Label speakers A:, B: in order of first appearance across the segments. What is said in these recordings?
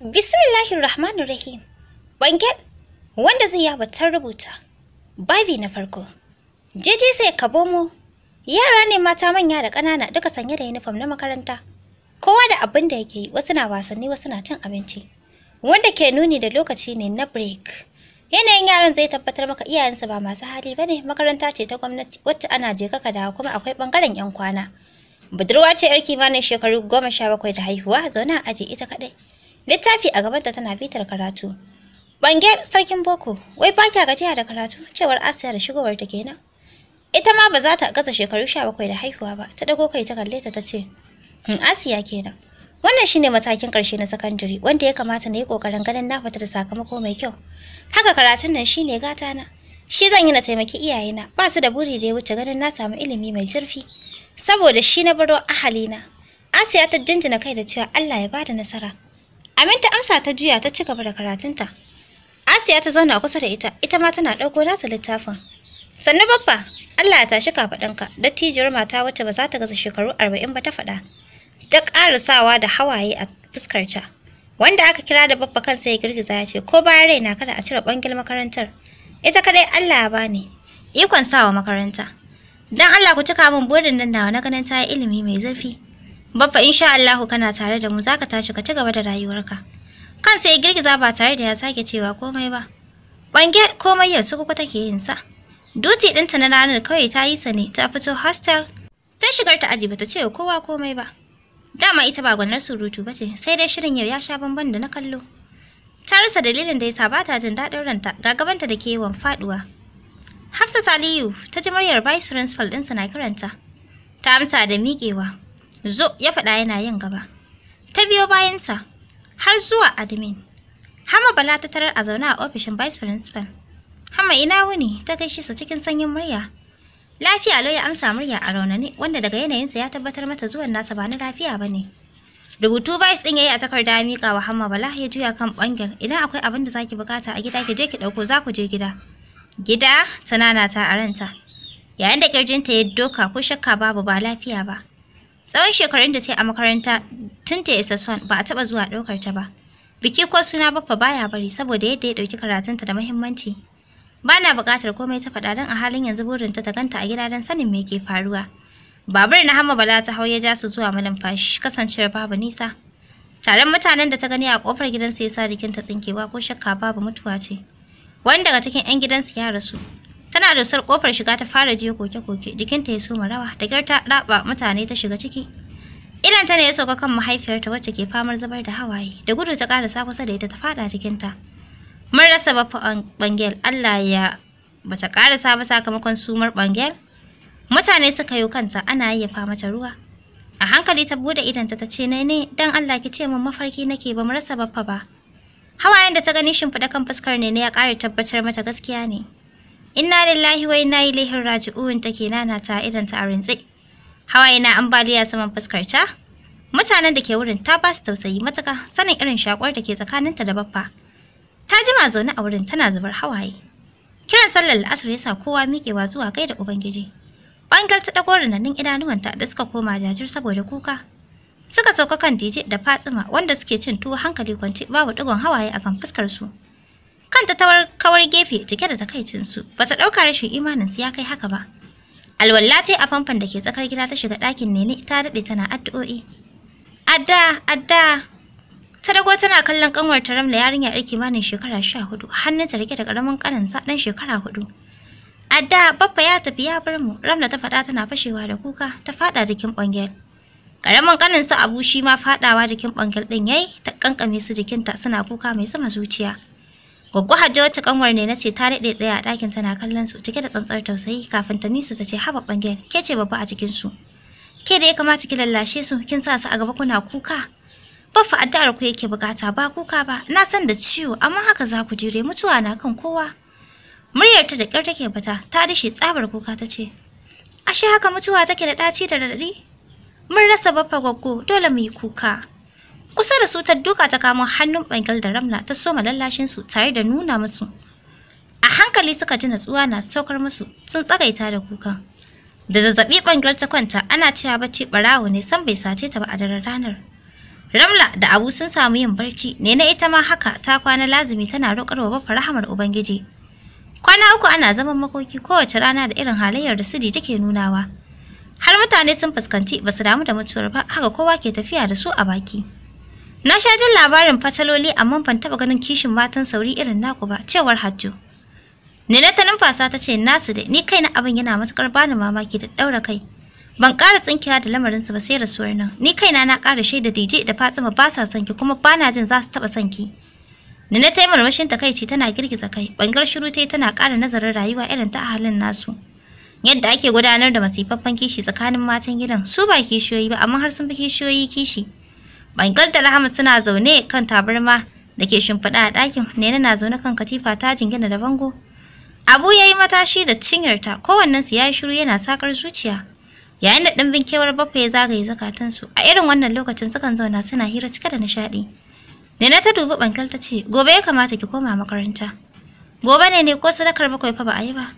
A: Bismillahir Rahmanir Rahim. wanda zai yaba tar rubuta. Babi na farko. Jeje sai ka bomo. Yara ne mata manya da ƙanana duka sanye da uniform na makaranta. Kowa da abin da yake yi, wasu na wasanni, wasu na cin abinci. Wanda ke nuni da lokaci ne na break. Yanayin yaran zai tabbatar maka iyayensa ba masu hali bane, makaranta ce ta gwamnati wacce ana je ka dawo kuma akwai bangaren 'yan kwana. Budurwa ce 'yar kimanin shekaru goma sha bakwai da haihuwa zaune a aji ita kaɗai. littafi a gabanta tana bitar karatu bange sarkin boko wai ba kya gajiya da karatu cewar asiya da shigowar ta kenan ita ma ba za ta gaza shekaru sha bakwai da haihuwa ba ta dago kai ta kalle ta ta ce in hmm, asiya kenan wannan shine matakin karshe na sakandare wanda ya kamata na yi kokarin ganin na fita da sakamako mai kyau haka karatun nan shine gata na shi zan yi na taimaki iyayena ba su da buri da ya wuce ganin na samu ilimi mai zurfi saboda shi na baro ahalina asiya ta jinjina kai da cewa Allah ya bada nasara Amin ta amsa ta juya ta ci gaba da karatunta. Asiya ta zauna kusa da ita, ita ma tana ɗauko nata littafin. Sannu babba, Allah ya tashi kafaɗanka, dattijiyar mata wacce ba za ta gaza shekaru arba'in ba ta faɗa. Ta ƙarasawa da hawaye a fuskarta. Wanda aka kira da babba kansa ya girgiza ya ce, ko bayan raina kada a cire ɓangil makarantar. Ita kadai Allah ya bani, ikon sawa makaranta. Dan Allah ku cika min burin nan nawa na ganin ta yi ilimi mai zurfi. Baffa insha Allahu kana tare da mu zaka tashi ka ci gaba da rayuwarka. Kan sai girgiza ba tare da ya sake cewa komai ba. Bange komai yanzu kuka take yin sa. Duti ɗinta na ranar kawai ta yi sa ne ta fito hostel. Ta shigar ta aji bata ce kowa komai ba. Dama ita ba gwanar surutu bace sai dai shirin yau ya sha bamban da na kallo. Ta rasa dalilin da yasa ba ta jin daɗin ranta ga gabanta da ke yawan faɗuwa. Hafsa Taliyu ta ji muryar vice principal ɗinsa na kiranta. Ta amsa da miƙewa. Zo ya faɗa yana yin gaba. Ta biyo bayansa har zuwa admin. Hama Bala ta tarar a zaune a ofishin Vice Principal. Hama ina wuni ta gaishe sa cikin sanyin murya. Lafiya lo ya amsa murya a raunani wanda daga yanayinsa ya tabbatar mata zuwan nasa ba na lafiya ba ne. Rubutu Vice ɗin ya yi a takarda ya miƙa wa Hama Bala ya juya kan Ɓangar. idan akwai abin da ki bukata a gida ki je ki ɗauko za ku je gida. Gida ta a ranta. Yayin da ƙirjinta ya doka ko shakka babu ba lafiya ba. Tsawon shekarun da ta yi a makaranta tun ta isa son ba a taɓa zuwa ɗaukar ta ba. Biki ko suna baffa baya bari saboda yadda ya ɗauki karatunta da muhimmanci. Ba na buƙatar komai ta faɗa don a halin yanzu burin ta ganta a gida don sanin me ke faruwa. Babur na Hama Bala ta hau ya ja su zuwa Fashi, kasancewar babu nisa. Taron mutanen da ta gani a ƙofar gidansa ya sa jikinta tsinkewa ko shakka babu mutuwa ce. Wani daga cikin 'yan gidansu ya rasu, Tana da sar kofar shiga ta fara jiya koke-koke, jikinta ya soma rawa, da kyar ta raba mutane ta shiga ciki. Idan ta ne ya sauka kan mahaifiyarta wacce ke famar zubar da hawaye, da gudu ta sa kusa da ita ta fada jikinta. Mun rasa bafa bangel, Allah ya kara sa ba sakamakon sumar bangel. Mutane suka yi kanta ana yayyafa mata ruwa. A hankali ta bude idanta ta ce nai ne dan Allah ki ce mun mafarki nake ba mu rasa baffa ba. Hawayen da ta gani shimfiɗa kan fuskar ne ya ƙara tabbatar mata gaskiya ne. Inna lillahi wa inna ilaihi raji'un take nana ta idan ta rintse Hawaye na ambaliya saman fuskar ta. Mutanen da ke wurin ta ba su tausayi matuka sanin irin shakwar da ke tsakaninta da baffa. Ta jima zaune a wurin tana zubar hawaye. Kiran sallar al'asar ya sa kowa miƙewa zuwa kai da Ubangiji. Bangal ta ɗago rinanin idanuwanta da suka koma jajir saboda kuka. Suka sauka kan dije da Fatsima wanda suke cin tuwo hankali kwance babu ɗigon hawaye akan fuskarsu. su. kanta ta kawar gefe cike da takaicinsu ba ta ɗauka rashin imaninsu ya kai haka ba alwalla ta a famfan da ke tsakar gida ta shiga ɗakin nene ta daɗe tana addu'o'i adda adda ta dago tana kallon kanwar ta ramla yarinya yar kimanin shekara sha hudu ta rike da ƙaramin ƙaninsa ɗan shekara hudu adda babba ya tafi ya bar mu ramla ta faɗa tana fashewa da kuka ta faɗa jikin ɓangel Ƙaramin kanin Abu shi ma faɗawa jikin bangil din yayi ta kankame su jikinta suna kuka mai sama zuciya. Goggo Hajjo wacce kanwar ne nace ta daɗe tsaya a ɗakin tana kallon su cike da tsantsar tausayi kafin ta nisa ta ce haba bangen ke ce babba a cikin su. Ke da ya kamata ki lallashe su kin sa su a gaba kuna kuka. Baffa addu'ar ku yake bukata ba kuka ba na san da ciwo amma haka za ku jire mutuwa na kan kowa. Muryar ta da ƙyar take bata ta dashe tsabar kuka ta ce ashe haka mutuwa take da ɗaci da raɗaɗi. Mun rasa baffa goggo, dole mu yi kuka. kusa da su ta duka ta kamo hannun bangal da ramla ta soma lallashin su tare da nuna musu a hankali suka ji natsuwa na saukar musu sun tsagaita da kuka da zazzaɓi bangal ta kwanta ana cewa bacci barawo ne san bai sace ta ba a daren ranar Ramla da Abu sun samu yin barci, ne na ita ma haka ta kwana lazumi tana roƙar wa bafa rahamar Ubangiji. Kwana uku ana zaman makoki kowace rana da irin halayyar da Sidi take nunawa. Har mutane sun fuskanci basu damu da mutuwar ba, haka kowa ke tafiya da su a baki. Na sha jin labarin fataloli amma ban taɓa ganin kishin matan sauri irin naku ba, cewar Hajjo. Nina ta numfasa ta ce nasu da ni kaina abin yana matuƙar bani mamaki da ɗaura kai. Ban ƙara tsinkiya da lamarinsu ba sai rasuwar nan. Ni kaina na ƙara shaida DJ da Fatima ba sa son ki kuma ba na jin za su taɓa son ki. Nina ta yi murmushin takaici tana girgiza kai, bangar shiru ta tana ƙara nazarin rayuwa irin ta halin nasu. Yadda ake gudanar da masifaffan kishi tsakanin matan gidan, su ba kishiyoyi ba amma har sun fi kishiyoyi kishi. Bangal da Rahama suna zaune kan tabarma da ke shimfiɗa a ɗakin nena na zaune kan katifa ta jingina da bango. Abu ya yi matashi da cinyarta kowannensu ya yi shiru yana sakar zuciya. Yayin da ɗimbin kewar bafa ya zagaye zukatansu a irin wannan lokacin sukan zauna suna hira cike da nishaɗi. nena ta dubi bangal ta ce gobe ya kamata ki koma makaranta. Gobe ne ne ko sadakar bakwai fa ba a yi ba.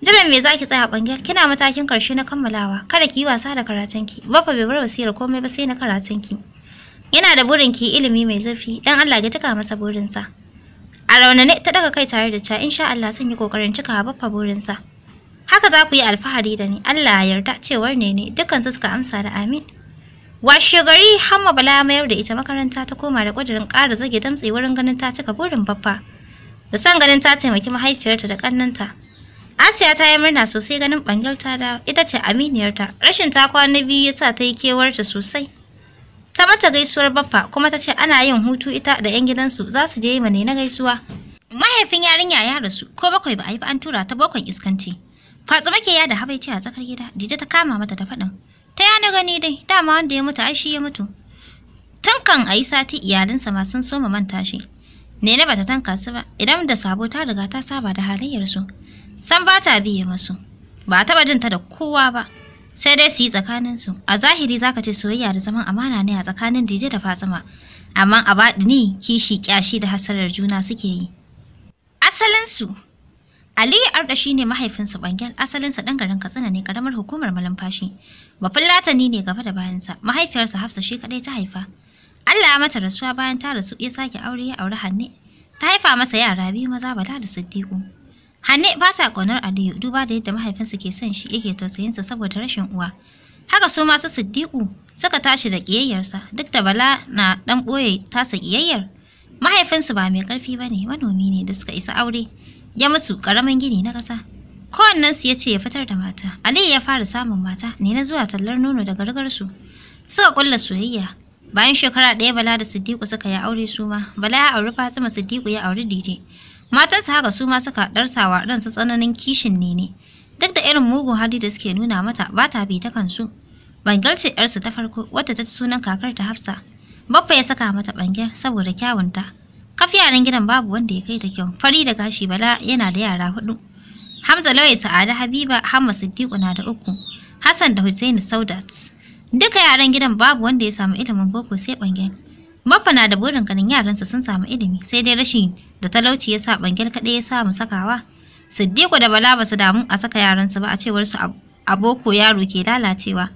A: Jiran me zaki tsaya bangal kina matakin karshe na kammalawa kada ki yi wasa da karatunki. Bafa bai bar wasiyar komai ba sai na karatunki. Yana da burin ki ilimi mai zurfi, dan Allah ya cika masa burinsa. A raunane ta daga kai tare da cewa insha Allah zan yi kokarin cika baffa burinsa. Haka za ku yi alfahari da ni, Allah ya yarda cewar ne ne, dukkan su suka amsa da amin. Washe gari Hamma Bala mayar da ita makaranta ta koma da ƙudurin ƙara zage damtse wurin ganin ta cika burin baffa. Da san ganin ta taimaki mahaifiyarta da ƙannanta. Asiya ta yi murna sosai ganin bangal da ita ce aminiyarta. Rashin ta kwana biyu ya sa ta yi kewarta sosai. ta mata gaisuwar baffa kuma ta ce ana yin hutu ita da 'yan gidansu za su je yi mane na gaisuwa mahaifin yarinya ya rasu ko bakwai ba a yi ba an tura ta bakon iskanci fatsuma ke ya da habaici a tsakar gida jije ta kama mata da faɗin ta yana gani dai dama wanda ya mutu ai shi ya mutu tankan kan a yi sati iyalinsa masu sun soma manta shi Nene bata tanka su ba, idan da sabo ta riga ta saba da halayyarsu. San ba ta biye masu. Ba taɓa jin ta da kowa ba. sai dai su yi tsakaninsu a zahiri zaka ce soyayya da zaman amana ne a tsakanin dije da fatima amma a baɗi ne kishi ƙyashi, da hasarar juna suke yi asalinsu aliyu arda shi ne mahaifinsu bangel asalinsa ɗan garin katsina ne karamar hukumar malumfashi bafin latani ne gaba da bayansa mahaifiyarsa hafsa shi kaɗai ta haifa allah ya mata rasuwa bayan ta rasu ya sake aure ya auri hanne ta haifa masa yara biyu maza bala da siddiƙu Hanne ba ta ƙaunar Aliyu duba da yadda mahaifinsa ke son shi yake tausayinsa saboda rashin uwa. Haka su masu Siddiƙu suka tashi da ƙiyayyarsa duk da Bala na ɗan ɓoye tasa ƙiyayyar. Mahaifinsu ba mai ƙarfi ba ne manomi ne da suka isa aure ya musu ƙaramin gini na ƙasa. Kowannensu ya ce ya fitar da mata. Aliyu ya fara samun mata ne na zuwa tallar nono daga rigarsu. Suka ƙulla soyayya Bayan shekara ɗaya Bala da Siddiƙu suka yi aure su ma, Bala ya auri Fatima Siddiƙu ya auri Dije. matansa haka su ma suka darsawa ransu tsananin kishin ne ne duk da irin mugun hali da suke nuna mata ba ta bi ta kansu bangal ce yarsu ta farko wata ta sunan kakar ta hafsa baffa ya saka mata bangar saboda kyawunta kaf yaran gidan babu wanda ya kai ta kyau fari da gashi bala yana da yara hudu hamza lawai sa'ada habiba hamma siddiqu na da uku hassan da husaini saudat duka yaran gidan babu wanda ya samu ilimin boko sai bangen Baffa na da burin ganin yaransa sun samu ilimi sai dai rashin da talauci ya sa bangel kaɗai ya samu sakawa. siddiku da Bala ba su damu a saka yaransu ba a cewar su aboko yaro ke lalacewa.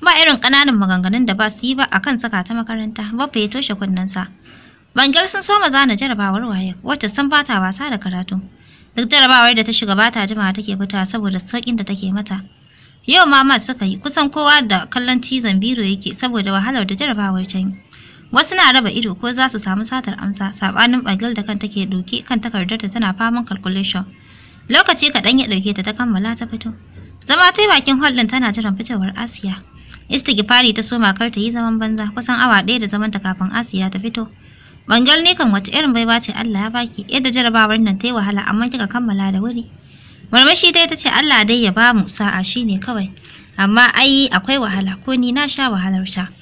A: Ba irin ƙananan maganganun da ba su yi ba a kan saka ta makaranta Baffa ya toshe kunnensa. Bangel sun soma zana jarabawar waye wacce sun bata wasa da karatu. Duk jarabawar da ta shiga bata jimawa take fita saboda sauƙin da take mata. Yau ma suka yi kusan kowa da kallon cizon biro yake saboda wahalar da jarabawar ta yi. Wasu na raba ido ko za su samu satar amsa Saɓanin bagil da kanta ke doki kan takardarta tana faman calculation. Lokaci kaɗan ya ɗauke ta ta kammala ta fito. Zama ta bakin hall ɗin tana jiran fitowar Asiya. Istighfari ta soma kar ta yi zaman banza kusan awa ɗaya da zamanta kafin Asiya ta fito. Bangal ne kan wace irin bai ce Allah ya baki yadda jarabawar nan ta yi wahala amma kika kammala da wuri. Murmushi ta ta ce Allah dai ya ba mu sa'a shine kawai. Amma ai akwai wahala ko ni na sha wahalar sha.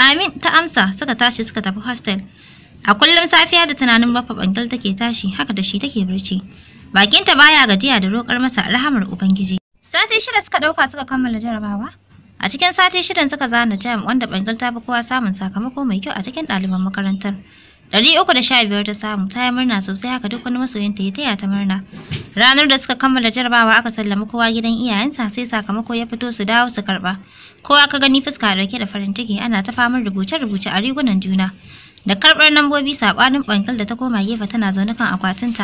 A: Amin ta amsa suka tashi suka tafi hostel. A kullum safiya da tunanin bafa bangal take tashi haka da shi take barci. Bakinta baya gajiya da roƙar masa rahamar Ubangiji. Sati shida suka ɗauka suka kammala jarabawa. A cikin sati shidan suka zana jam wanda bangal ta fi kowa samun sakamako mai kyau a cikin ɗaliban makarantar. Ɗari uku da sha biyar ta samu, ta yi murna sosai haka duk wani masoyinta ya taya ta murna. Ranar da suka kammala jarabawa aka sallama kowa gidan iyayensa sai sakamako ya fito su dawo su karɓa. Kowa ka gani fuska a ɗauke da farin ciki ana ta famar rubuce-rubuce a rigunan juna. Da karɓar lambobi saɓanin bankal da ta koma gefe tana zaune kan akwatinta.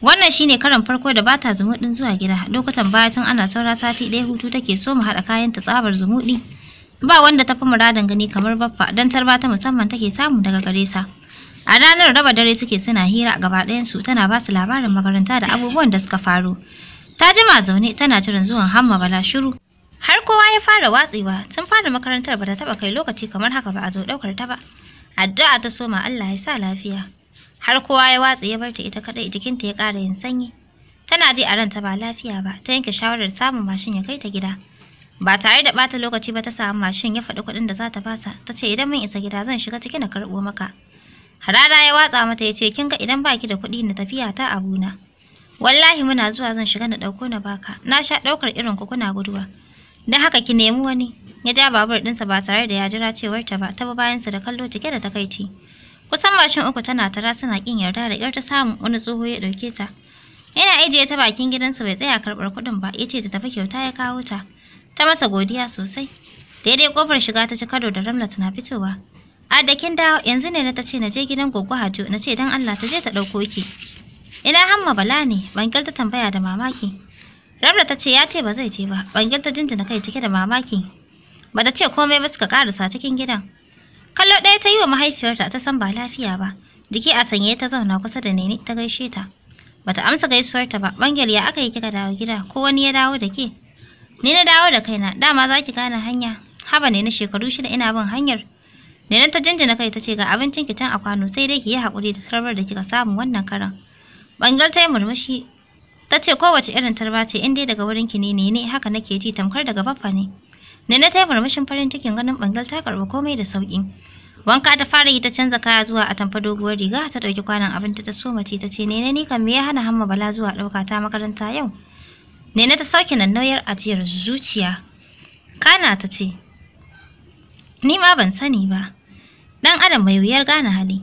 A: Wannan ne karin farko da bata zumuɗin zuwa gida. Lokutan baya tun ana saura sati ɗaya hutu take so mu haɗa kayan ta tsabar zumuɗi. Ba wanda ta fi muradin gani kamar baffa don tarba ta musamman take samu daga gare sa. A ranar raba dare suke suna hira gaba ɗayansu tana ba su labarin makaranta da abubuwan da suka faru. Ta jima zaune tana jiran zuwan Hamma Bala shiru. Har kowa ya fara watsewa tun fara makarantar bata taba kai lokaci kamar haka ba a zo ɗaukar ta ba. Addu'a ta soma Allah ya sa lafiya. Har kowa ya watse ya barta ita kaɗai, jikinta ya ƙara yin sanyi. Tana ji a ranta ba lafiya ba ta yanke shawarar samun mashin ya kai ta gida. Ba tare da ɓata lokaci ba ta samu mashin ya faɗi kuɗin da za ta basa ta ce idan mun isa gida zan shiga ciki na karɓo maka. Harara ya watsa mata ya ce, kin ga idan baki da kuɗi na tafiya ta abuna. Wallahi muna zuwa zan shiga na ɗauko na baka, na sha ɗaukar irin ku kuna guduwa. Don haka ki nemi wani, ya ja babur ɗinsa ba tare da ya jira cewar ta ba, ta bi sa da kallo cike da takaici. Kusan mashin uku tana tara suna ƙin yarda da ƙyar ta samun wani tsoho ya ɗauke ta. Yana ajiye ta bakin gidansa bai tsaya karɓar kuɗin ba, ya ce ta tafi kyauta ya kawo ta. Ta masa godiya sosai. Daidai kofar shiga ta ci kado da Ramla tana fitowa. A da kin dawo yanzu ne na ta ce na je gidan gogo Hajo na ce dan Allah ta je ta ɗauko ki. Ina hamma bala ne Bangil ta tambaya da mamaki. Ramla ta ce ya ce ba zai je ba Bangil ta jinjina kai cike da mamaki. Ba ta ce komai ba suka karasa cikin gidan. Kallo ɗaya ta yi wa mahaifiyarta ta san ba lafiya ba. Jiki a sanye ta zauna kusa da Nene ta gaishe ta. Bata amsa gaisuwarta ba. Bangil ya aka yi kika dawo gida ko wani ya dawo da ke. Ni na dawo da kaina dama za ki gane hanya. Haba ne na shekaru shida ina bin hanyar. Nenan ta jinjina kai ta ce ga abincin ki can a kwano sai dai ki yi haƙuri da tarbar da kika samu wannan karan. Bangal ta yi murmushi ta ce kowace irin tarba ce in dai daga wurin ki ne ne ne haka nake ji tamkar daga baffa ne. Nene ta yi murmushin farin cikin ganin bangal ta karɓi komai da sauƙi. Wanka ta fara yi ta canza kaya zuwa a tamfa doguwar riga ta ɗauki kwanon abinci ta so mace ta ce nene ni kan me ya hana hamma bala zuwa ɗauka ta makaranta yau. Nene ta sauke nan nauyar ajiyar zuciya. Kana ta ce Ni ma ban sani ba. Dan Adam mai wuyar gane hali.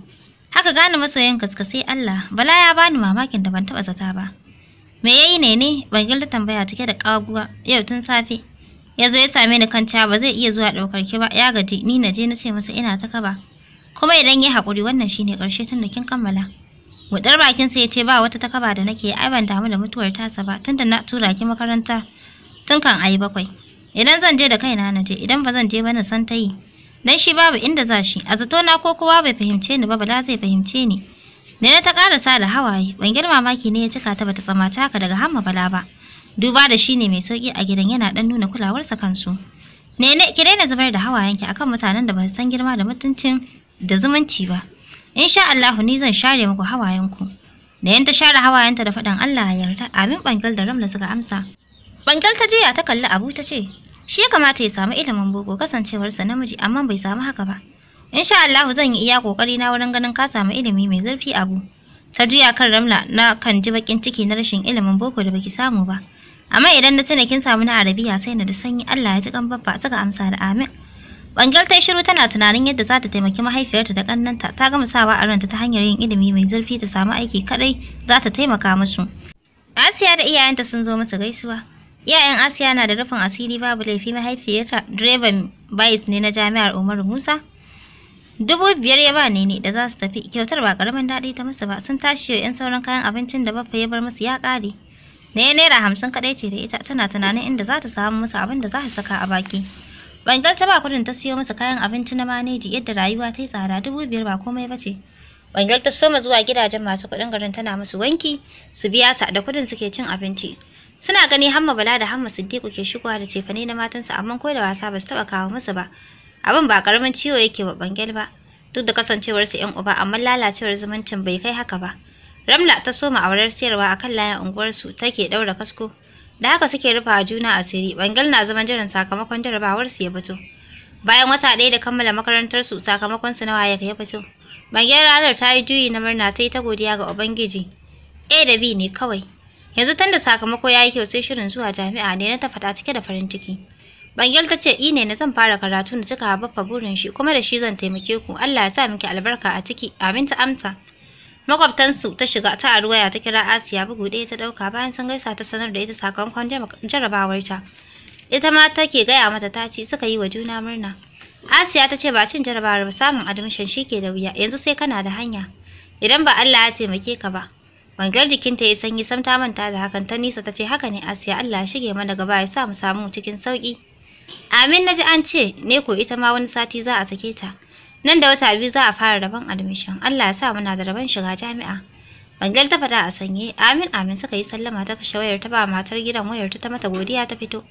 A: Haka gane masoyan gaske sai Allah, bala ya bani mamakin da ban taɓa zata ba. Me yayi ne ne? ban ta tambaya take da kaguwa yau tun safe. Ya zo ya same ni kan ba zai iya zuwa ɗaukar ki ba, ya gaji ni na je na ce masa ina ta kaba. Kuma idan ya haƙuri wannan shine ƙarshe tun da kin kammala. Wadar bakin sa ya ce ba wata takaba da nake ai ban damu da mutuwar tasa ba tunda na tura ki makarantar tun kan ayi bakwai. idan zan je da kaina na je idan ba zan je ba na san ta yi dan shi babu inda za shi a zato na ko kowa bai fahimce ni ba bala zai fahimce ni ne na ta karasa da hawaye bangir mamaki ne ya cika ta bata tsamata haka daga hamma bala ba duba da shi ne mai sauki a gidan yana dan nuna kulawarsa kansu nene ki daina zubar da hawayenki akan mutanen da ba san girma da mutuncin da zumunci ba insha Allah ni zan share muku hawayenku da yanta ta share hawayenta da faɗin Allah ya yarda amin bangal da ramla suka amsa Bangal ta jiya ta kalli Abu ta ce, shi ya kamata ya samu ilimin boko kasancewarsa namiji amma bai samu haka ba. Insha Allah zan yi iya kokari na wurin ganin ka samu ilimi mai zurfi Abu. Ta juya kan Ramla na kan ji bakin ciki na rashin ilimin boko da baki samu ba. Amma idan na tuna kin samu na Arabiya sai na da sanyi Allah ya ji kan babba suka amsa da amin. Bangal ta shiru tana tunanin yadda za ta taimaki mahaifiyarta da kannanta ta gama sawa a ranta ta hanyar yin ilimi mai zurfi ta samu aiki kadai za ta taimaka musu. Asiya da iyayenta sun zo musu gaisuwa. Iyayen Asiya na da rufin asiri babu laifi mahaifiyarta direban bayis ne na jami'ar Umaru Musa. Dubu biyar ya ba ne da za su tafi kyautar ba karamin daɗi ta musu ba sun tashi yau yan sauran kayan abincin da baffa ya bar musu ya ƙare. Ne naira hamsin kaɗai ce da ita tana tunanin inda za ta samu musu abin da za su saka a baki. Bangal ta ba kudin ta siyo masa kayan abinci na maneji yadda rayuwa ta yi tsada dubu biyar ba komai ba ce. Bangal ta soma zuwa gidajen masu kuɗin garin tana musu wanki su biya ta da kudin suke cin abinci. Suna gani Hamma Bala da Hamma Siddiqu ke shigowa da cefane na matansa amma ko da wasa ba su taɓa kawo musu ba. Abin ba karamin ciwo yake wa Bangel ba, duk da kasancewarsu 'yan uba amma lalacewar zumuncin bai kai haka ba. Ramla ta soma aurar siyarwa a kan layin unguwarsu take ɗaura kasko. Da haka suke rufa juna asiri, Bangel na zaman jiran sakamakon jarabawar su ya fito. Bayan wata ɗaya da kammala makarantar su sakamakon su na waye ya fito. Bangel ranar ta yi juyi na murna ta yi ta godiya ga Ubangiji. A da B ne kawai. yanzu tanda sakamako ya yi kyau sai shirin zuwa jami'a ne na ta faɗa cike da farin ciki Bangel ta ce ne na zan fara karatu da cika babba burin shi kuma da shi zan taimake ku Allah ya sa miki albarka a ciki amin ta amsa makwabtansu ta shiga ta arwaya ta kira Asiya bugu ɗaya ta ɗauka bayan sun gaisa ta sanar da ita sakamakon ta ita ma take gaya mata ta ce suka yi wa juna murna Asiya ta ce ba cin jarabawar ba samun admission shi ke da wuya yanzu sai kana da hanya idan ba Allah ya taimake ka ba Wangar ta ya sanyi sam ta manta da hakan ta nisa ta ce haka ne Asiya Allah ya shige mana gaba ya sa mu samu cikin sauki. Amin naji an ce ne ko ita ma wani sati za a sake ta. Nan da wata biyu za a fara rabon admission. Allah ya sa muna da rabon shiga jami'a. Bangal ta fada a sanye, amin amin suka yi sallama ta kashe wayar ta ba matar gidan wayar ta mata godiya ta fito.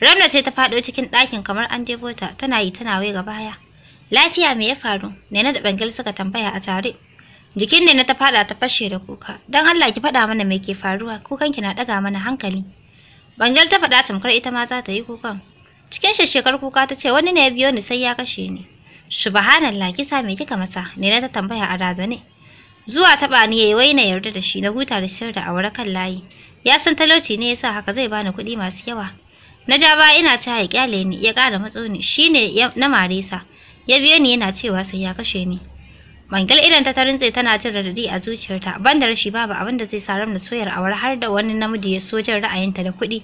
A: Ramna ce ta fado cikin ɗakin kamar an debo ta, tana yi tana waye ga baya. Lafiya me ya faru? Nena da Bangal suka tambaya a tare. Jikin ne na ta fada ta fashe da kuka. Dan Allah ki faɗa mana me ke faruwa, kukanki na ɗaga mana hankali. Banjal ta fada tamkar ita ma za ta yi kukan. Cikin shekar kuka ta ce wani ne ya biyo ni sai ya kashe ni. Subhanallah kisa me kika masa? Ne na ta tambaya a razane. Zuwa ta ni yayi wai na yarda da shi na huta da sirri da awara kan layi. Ya san talauci ne yasa haka zai bani kuɗi masu yawa. Na ja ba ina ta ya kyale ni ya ƙara matso ni shine na maresa. Ya biyo ni yana cewa sai ya kashe ni. Mangal idan ta rintse tana jin radadi a zuciyarta, Ban da rashi babu abin da zai sa na soyar awar har da wani namiji ya so ra'ayinta da kuɗi.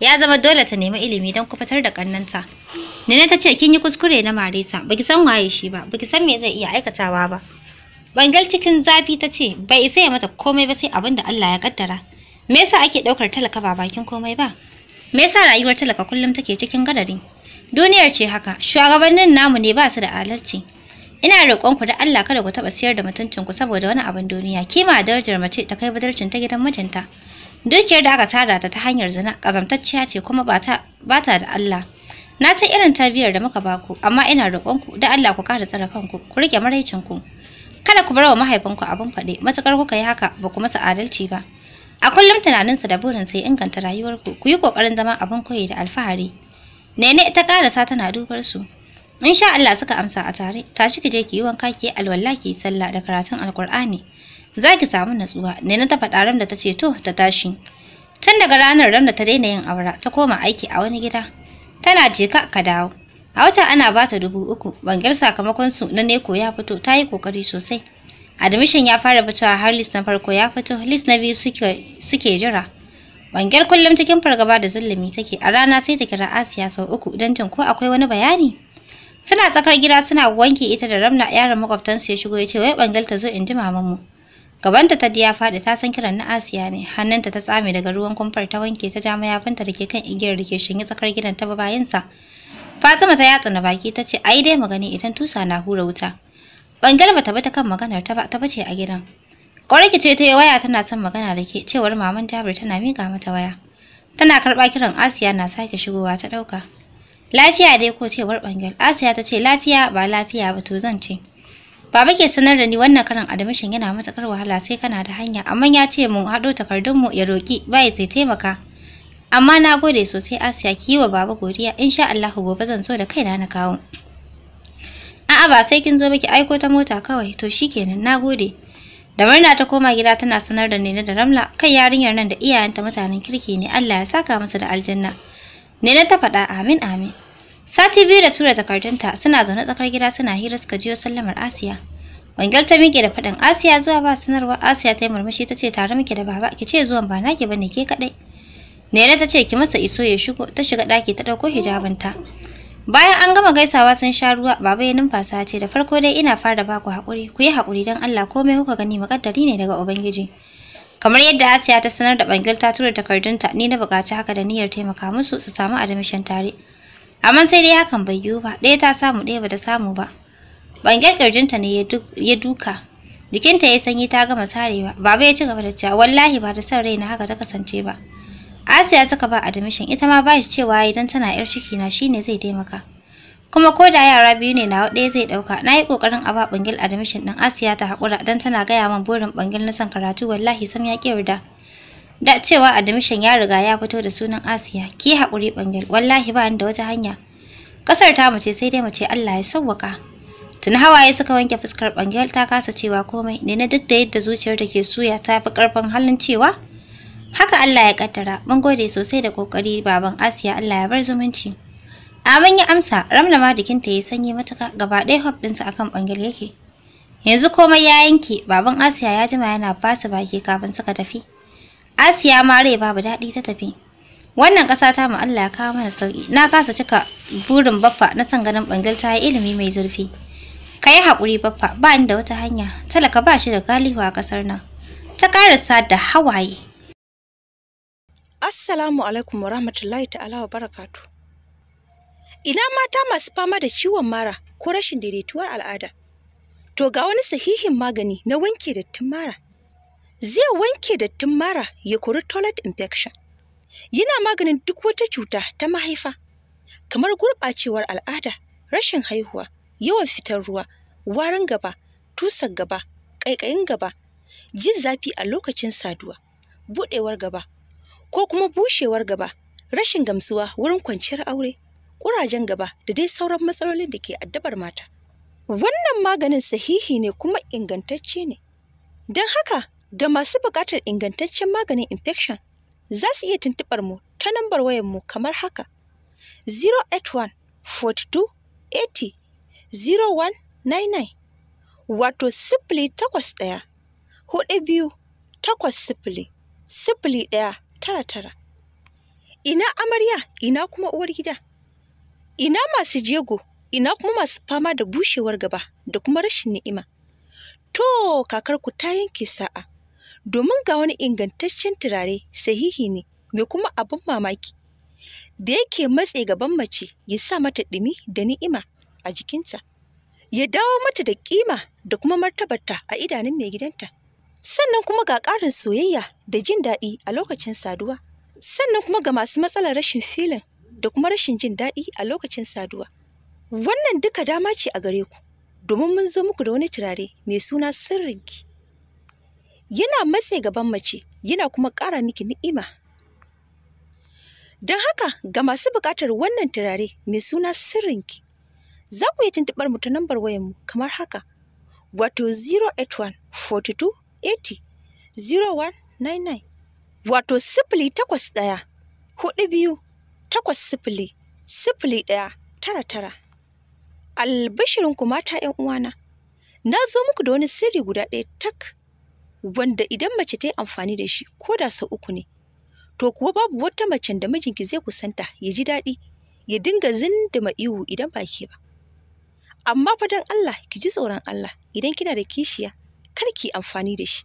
A: Ya zama dole ta nemi ilimi don kufatar da kannanta. Nene ta ce kin yi kuskure na Marisa, baki san waye shi ba, baki san me zai iya aikatawa ba. Bangal cikin zafi ta ce bai isa ya mata komai ba sai abin da Allah ya kaddara. Me yasa ake ɗaukar talaka ba bakin komai ba? Me yasa rayuwar talaka kullum take cikin gadari? Duniyar ce haka, shugabannin namu ne ba su da alarci ina roƙon ku da Allah kada ku taɓa siyar da mutuncin ku saboda wani abin duniya kima darajar mace ta kai badarcin ta gidan mijinta dukiyar da aka tara ta ta hanyar zina ƙazamtacciya ce kuma ba ta da Allah na san irin tarbiyyar da muka ba ku. amma ina roƙon ku da Allah ku kare tsare kanku ku rike maraicin ku kada ku bar wa mahaifinku abin faɗe matuƙar kuka yi haka ba ku masa adalci ba a kullum tunaninsa da burin sai inganta rayuwarku ku yi ƙoƙarin zama abin koyi da alfahari Nene ta ƙarasa tana dubar su. In sha Allah suka amsa a tare tashi ki je ki yi wanka ki alwala ki yi sallah da karatun alkur'ani za ki samu natsuwa ne na ta faɗa ramda da ta ce to ta tashi tun daga ranar ran ta daina yin aura ta koma aiki a wani gida tana je ka ka dawo a wata ana ba ta dubu uku bangar sakamakon su na neko ya fito ta yi kokari sosai admission ya fara fitowa har list na farko ya fito list na biyu suke jira bangar kullum cikin fargaba da zulumi take a rana sai ta kira asiya sau uku don jin ko akwai wani bayani Suna tsakar gida suna wanke ita da ramna yaron makwabtansu ya shigo ya ce wai bangal ta zo in ji mu Gabanta ta diya faɗi ta san kiran na Asiya ne, hannunta ta tsame daga ruwan kumfar ta wanke ta ja mayafinta da ke kan igiyar da ke shinge tsakar gidan ta bayansa. Fatima ta yatsa na baki ta ce ai dai magani idan tusa na hura wuta. Bangal bata bi ta kan maganar ta ba ta bace a gidan. Kwarai ce ta yi waya tana son magana da ke cewar maman Jabir tana miƙa mata waya. Tana karɓa kiran Asiya na sake shigowa ta ɗauka. Lafiya dai ko cewar Bangal. Asiya ta ce lafiya ba lafiya ba to zan ce. Baba ke sanar da ni wannan karin admission yana kar wahala sai kana da hanya amma ya ce mun haɗo mu ya roki bai sai taimaka. Amma na gode sosai Asiya ki yi wa baba godiya insha Allah gobe zan so da kaina na kawo. A'a ba sai kin zo ba ki aiko ta mota kawai to shikenan na gode. Da murna ta koma gida tana sanar da Nina da Ramla kai yarinyar nan da iyayenta mutanen kirki ne Allah ya saka masa da aljanna. nena ta faɗa amin amin. Sati biyu da tura takardunta suna zaune tsakar gida suna hira suka jiyo sallamar Asiya. Wangel ta miƙe da faɗin Asiya zuwa ba sanarwa Asiya ta yi murmushi ta ce tare muke da baba ki ce zuwan ba naki bane ke kaɗai. Nene ta ce ki masa iso ya shigo ta shiga ɗaki ta ɗauko hijabinta. Bayan an gama gaisawa sun sha ruwa baba ya numfasa ce da farko dai ina fara ba ku haƙuri ku yi haƙuri don Allah komai kuka gani makaddari ne daga Ubangiji. Kamar yadda Asiya ta sanar da Bangil ta tura takardunta ni na buƙaci haka da niyyar taimaka musu su samu admission tare. Amma sai dai hakan bai yiwu ba, ɗaya ta samu ɗaya ba ta samu ba. ga ƙirjinta ne ya duka. Jikinta ya sanyi ta gama sarewa. Baba ya ci gaba da cewa wallahi ba da son raina haka ta kasance ba. Asiya suka ba admission ita ma ba shi cewa idan tana yar ciki na shine zai taimaka. Kuma ko da yara biyu ne nawa ɗaya zai ɗauka, na yi ƙoƙarin a ba ɓangil admission ɗin Asiya ta haƙura don tana gaya min burin ɓangil na son karatu wallahi sam ya ƙi da cewa admission ya riga ya fito da sunan Asiya ki haƙuri bangal wallahi ba ni da wata hanya kasar ta mace sai dai mace Allah ya sauwaka tun hawaye suka wanke fuskar bangal ta kasa cewa komai ne na duk da yadda zuciyar take suya ta fi karfin halin cewa haka Allah ya kaddara mun gode sosai da kokari baban Asiya Allah ya bar zumunci Amin ya amsa, Ramla ma jikinta ya sanyi matuka gaba ɗaya hop ɗinsa akan ɓangare yake. Yanzu komai ya yanke, baban Asiya ya jima yana fasa baki kafin suka tafi. Asiya ma rai babu daɗi ta tafi. Wannan ƙasa ta mu Allah ya kawo mana sauƙi. Na kasa cika burin baffa na san ganin bangal ta yi ilimi mai zurfi. Ka yi haƙuri baffa ba ni da wata hanya. Talaka ba shi da galihu a ƙasar nan. Ta ƙarasa da hawaye.
B: Assalamu alaikum wa rahmatullahi ta'ala wa barakatu. Ina mata masu fama da ciwon mara ko rashin daidaituwar al'ada. To ga wani sahihin magani na wanke dattin mara zai wanke dattin mara ya kori toilet infection yana maganin duk wata cuta ta mahaifa kamar gurɓacewar al'ada rashin haihuwa yawan fitar ruwa warin gaba tusar gaba ƙaiƙayin gaba jin zafi a lokacin saduwa buɗewar gaba ko kuma bushewar gaba rashin gamsuwa wurin kwanciyar aure ƙurajen gaba da dai sauran matsalolin da ke addabar mata wannan maganin sahihi ne kuma ingantacce ne don haka ga masu buƙatar ingantaccen maganin infection za su iya tuntuɓar mu ta nambar wayar mu kamar haka 081 42 80 0199 wato sifili takwas ɗaya hudu biyu takwas sifili sifili ɗaya tara tara ina amarya ina kuma uwar gida ina masu jego ina kuma masu fama da bushewar gaba da kuma rashin ni'ima to kakarku ta yanke sa'a domin ga wani ingantaccen turare sahihi ne mai kuma abin mamaki da yake matse gaban mace ya sa mata ɗumi da ni'ima a jikinta ya dawo mata da ƙima da kuma martabarta a idanun mai gidanta sannan kuma ga ƙarin soyayya da jin daɗi a lokacin saduwa sannan kuma ga masu matsalar rashin filin da kuma rashin jin daɗi a lokacin saduwa wannan duka dama ce a gare ku domin mun zo muku da wani turare mai suna sirrinki yana matse gaban mace yana kuma ƙara miki ni'ima don haka ga masu buƙatar wannan turare mai suna sirrinki za ku yi tuntuɓar mu ta nambar wayanmu kamar haka wato 081 42 wato sifili takwas ɗaya hudu biyu takwas sifili sifili ɗaya tara tara albishirinku mata 'yan uwana na zo muku da wani sirri guda ɗaya tak wanda idan mace ta yi amfani da shi ko da sau uku ne to kuwa babu wata macen da mijinki zai kusanta ya ji daɗi ya dinga zindima ihu idan ba ke ba amma fa dan Allah ki ji tsoron Allah idan kina da kishiya kar ki amfani da shi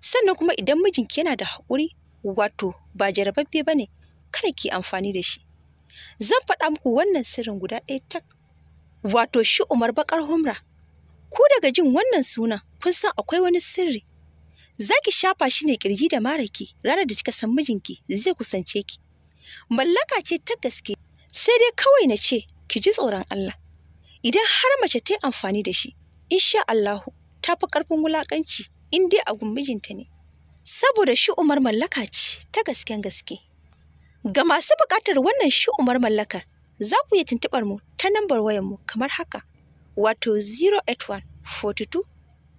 B: sannan kuma idan mijinki yana da haƙuri wato ba jarababbe ba ne kar ki amfani da shi zan faɗa muku wannan sirrin guda ɗaya tak wato shi umar baƙar humra ku daga jin wannan sunan kun san akwai wani sirri za ki shafa shi ne ƙirji da maraki ranar da kika san mijinki zai kusance ki. Mallaka ce ta gaske, sai dai kawai na ce ki ji tsoron Allah. Idan har mace ta yi amfani da shi, insha Allahu ta fi ƙarfin wulaƙanci in dai a mijinta ne. Saboda shi umar mallaka ce ta gasken gaske. Ga masu buƙatar wannan shi umar mallakar, za ku iya tuntuɓar mu ta nambar wayar mu kamar haka, wato 081 42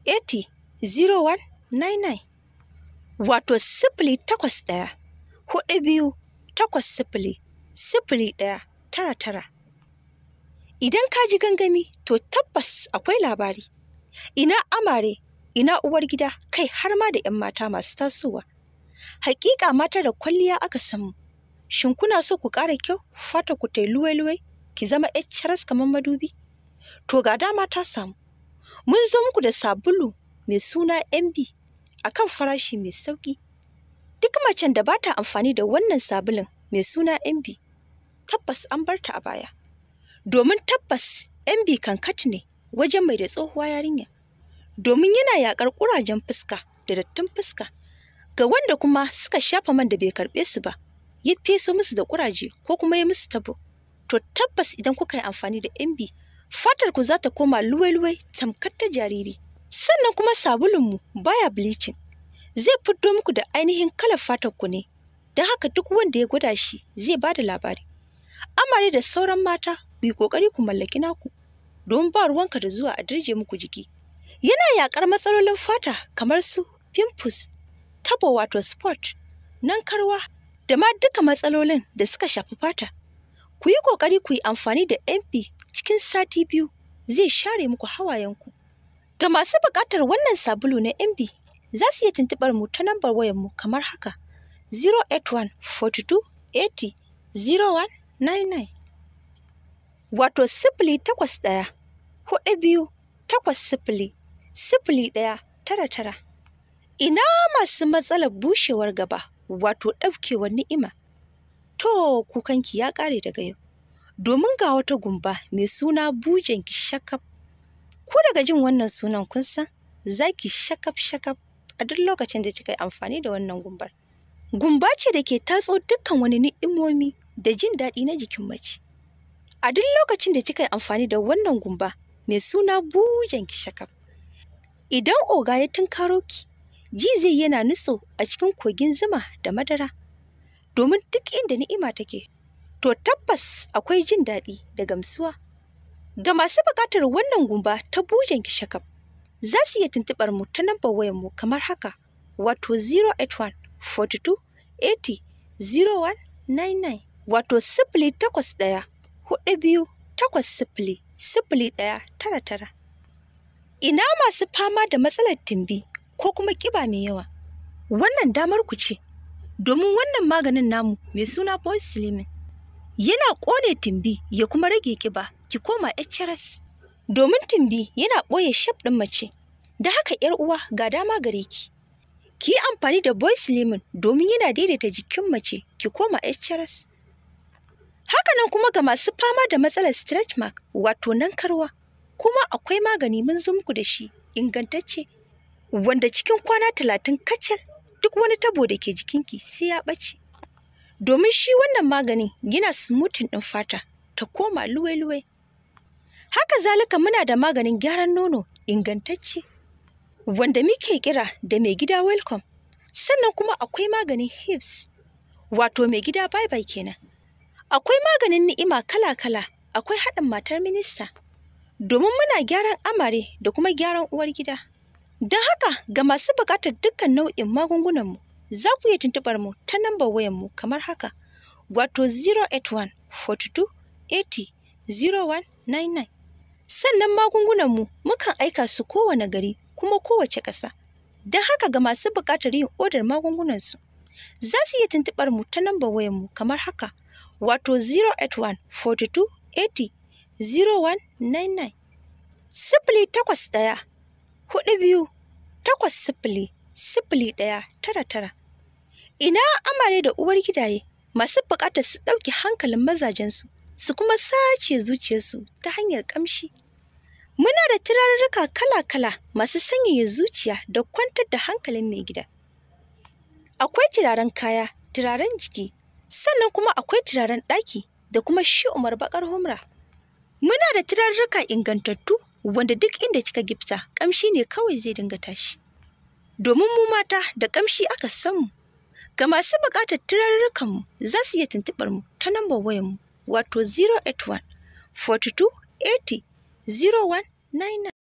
B: 80 01 99 wato sifili takwas ɗaya hudu biyu takwas sifili sifili ɗaya tara tara idan ka ji gangami to tabbas akwai labari ina amare ina uwar gida kai har ma da 'yan mata masu tasowa hakika mata da kwalliya aka samu shin kuna so ku ƙara kyau fata ku tai luwai-luwai ki zama HRS kamar madubi to ga dama ta samu mun zo muku da sabulu mai suna MB akan farashi mai sauƙi. Duk macen da ba ta amfani da wannan sabulun mai suna MB, tabbas an bar ta a baya. Domin tabbas MB kankat ne wajen mai da tsohuwa yarinya. Domin yana yaƙar ƙurajen fuska da dattin fuska. Ga wanda kuma suka shafa man da bai karɓe su ba, ya feso musu da ƙuraje ko kuma ya musu tabo. To tabbas idan kuka yi amfani da MB, fatar ku za ta koma luwai-luwai tamkar ta jariri. sannan kuma sabulunmu baya bleaching zai fito muku da ainihin kalar fatar ku ne don haka duk wanda ya gwada shi zai ba da labari amare da sauran mata ku ƙoƙari kokari ku mallaki naku don ba ruwanka da zuwa a dirje muku jiki yana yakar matsalolin fata kamar su pimples tabo wato spot nan karwa da ma duka matsalolin da suka shafi fata ku yi kokari ku yi amfani da mp cikin sati biyu zai share muku hawayenku Ga masu buƙatar wannan sabulu na MB, za su iya tuntuɓar mu ta nambar wayarmu kamar haka: 081 42 80 0199 wato sifili takwas ɗaya hudu biyu takwas sifili sifili ɗaya tara tara ina masu matsalar bushewar gaba wato ɗaukewar ni'ima to kukanki ya ƙare daga yau domin ga wata gumba mai suna bujen ki shakaf Ku daga jin wannan sunan kun san za ki shakaf-shakaf a duk lokacin da kika yi amfani da wannan gumbar. Gumba ce da ke tatso dukkan wani ni'imomi da jin daɗi na jikin mace. A duk lokacin da kika yi amfani da wannan gumba mai suna bujen ki shakaf. Idan oga ya tunkaro ki, ji zai yana nutso a cikin kogin zuma da madara. Domin duk inda ni'ima take, to tabbas akwai jin daɗi da gamsuwa Ga masu buƙatar wannan gumba ta bujen gishakaf, za su iya tuntuɓar mu ta nambar wayanmu kamar haka, wato 081 42 80 wato sifili takwas ɗaya hudu biyu takwas sifili sifili ɗaya tara tara. Ina masu fama da matsalar timbi ko kuma ƙiba mai yawa, wannan damar ku ce, domin wannan maganin namu mai suna Boys Slimin yana ƙone timbi ya kuma rage ƙiba ki koma HRS domin tumbi yana ɓoye shaf ɗin mace. Da haka ‘yar uwa ga dama gare ki. Ki yi amfani da boys lemon domin yana daidaita jikin mace ki koma HRS. Hakanan kuma ga masu fama da matsalar stretch mark wato nankarwa kuma akwai magani mun zumku muku da shi ingantacce wanda cikin kwana talatin kacal duk wani tabo da ke jikinki sai ya ɓace. Domin shi wannan magani yana smoothing ɗin fata ta koma luwai-luwai. Haka zalika muna da maganin gyaran nono ingantacce wanda muke kira da mai gida welcome. Sannan kuma akwai maganin hips wato mai gida bye bye kenan. Akwai maganin ni'ima kala-kala, akwai haɗin matar minista. Domin muna gyaran amare da kuma gyaran uwar gida. Don haka ga masu buƙatar dukkan nau'in magungunanmu za ku iya tuntuɓar mu ta nambar wayanmu kamar haka wato 081 42 80 0199. Sannan magungunanmu mukan aika su kowane gari kuma kowace ƙasa. Don haka ga masu buƙatar yin odar magungunansu, za su iya tuntuɓar mu ta nambar wayarmu kamar haka, wato 081 42 80 0199. Sifili takwas ɗaya, huɗu biyu, takwas sifili, sifili ɗaya tara tara. Ina amare da uwar gidaye masu buƙatar su ɗauki hankalin mazajensu su kuma sace zuciyarsu ta hanyar ƙamshi. Muna da turarruka kala-kala masu sanyaya zuciya da kwantar da hankalin mai gida. Akwai turaren kaya, turaren jiki, sannan kuma akwai turaren ɗaki da kuma shi umar bakar humra. Muna da turarruka ingantattu wanda duk inda kika gipsa ƙamshi ne kawai zai dinga tashi. Domin mu mata da ƙamshi aka san Ga masu buƙatar turarurrukan mu za su iya tuntuɓar mu ta nambar wayar mu wato 081 42 80 0199.